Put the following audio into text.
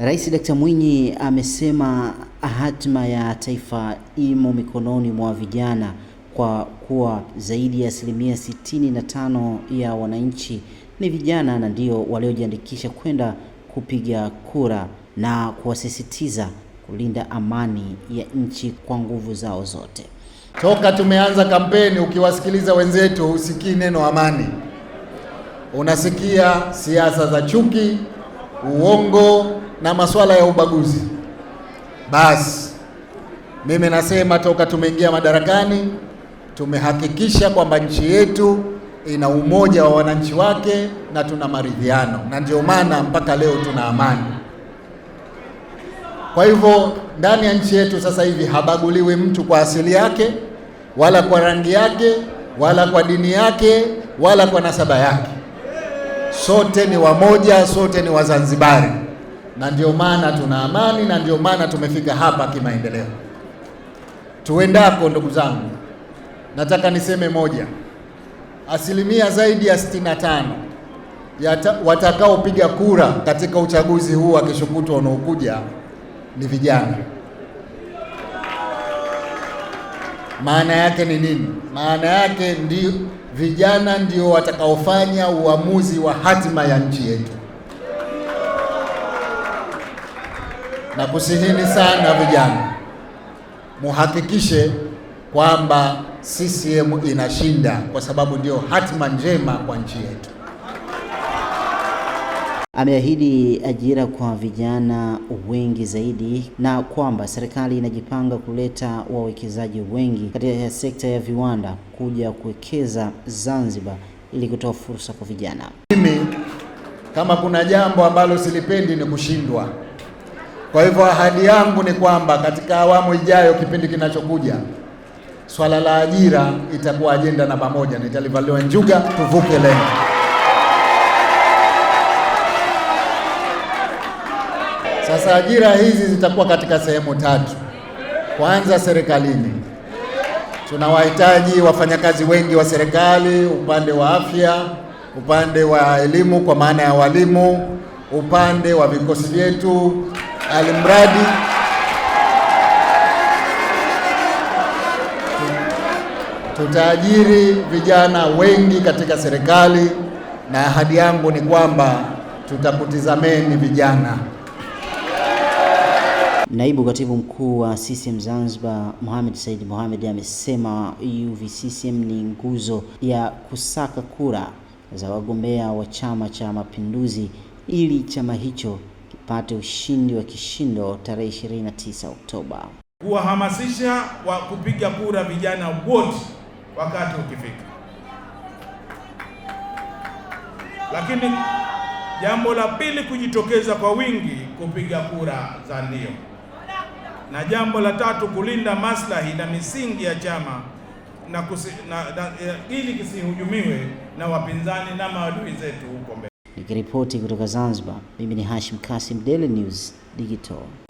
Rais Dkt. Mwinyi amesema hatima ya taifa imo mikononi mwa vijana kwa kuwa zaidi ya asilimia sitini na tano ya wananchi ni vijana na ndio waliojiandikisha kwenda kupiga kura na kuwasisitiza kulinda amani ya nchi kwa nguvu zao zote. Toka tumeanza kampeni, ukiwasikiliza wenzetu husikii neno amani, unasikia siasa za chuki, uongo na masuala ya ubaguzi. Basi mimi nasema toka tumeingia madarakani tumehakikisha kwamba nchi yetu ina umoja wa wananchi wake na tuna maridhiano, na ndio maana mpaka leo tuna amani. Kwa hivyo ndani ya nchi yetu sasa hivi habaguliwi mtu kwa asili yake wala kwa rangi yake wala kwa dini yake wala kwa nasaba yake. Sote ni wamoja, sote ni Wazanzibari na ndio maana tuna amani na ndio maana tumefika hapa kimaendeleo. Tuendako ndugu zangu, nataka niseme moja, asilimia zaidi ya 65 watakaopiga kura katika uchaguzi huu wa unaokuja ni vijana. Maana yake ni nini? Maana yake ndio vijana ndio watakaofanya uamuzi wa hatima ya nchi yetu. na kusihini sana vijana, muhakikishe kwamba CCM inashinda kwa sababu ndio hatima njema kwa nchi yetu. Ameahidi ajira kwa vijana wengi zaidi na kwamba serikali inajipanga kuleta wawekezaji wengi katika sekta ya viwanda kuja kuwekeza Zanzibar ili kutoa fursa kwa vijana. Mimi kama kuna jambo ambalo silipendi ni kushindwa. Kwa hivyo ahadi yangu ni kwamba katika awamu ijayo, kipindi kinachokuja, swala la ajira itakuwa ajenda namba moja. Nitalivaliwa njuga, tuvuke lengo. Sasa ajira hizi zitakuwa katika sehemu tatu. Kwanza, serikalini tunawahitaji wafanyakazi wengi wa serikali, upande wa afya, upande wa elimu kwa maana ya walimu, upande wa vikosi vyetu alimradi tutaajiri vijana wengi katika serikali, na ahadi yangu ni kwamba tutakutizameni vijana. Naibu Katibu Mkuu wa CCM Zanzibar, Mohamed Said Mohamed amesema UVCCM ni nguzo ya kusaka kura za wagombea wa Chama cha Mapinduzi ili chama hicho apate ushindi wa kishindo tarehe 29 Oktoba. Kuwahamasisha wa kupiga kura vijana wote wakati ukifika. Lakini jambo la pili, kujitokeza kwa wingi kupiga kura za ndio, na jambo la tatu, kulinda maslahi na misingi ya chama na kusi, na, na, eh, ili kisihujumiwe na wapinzani na maadui zetu huko mbele. Nikiripoti kutoka Zanzibar, mimi ni Hashim Kasim, Daily News Digital.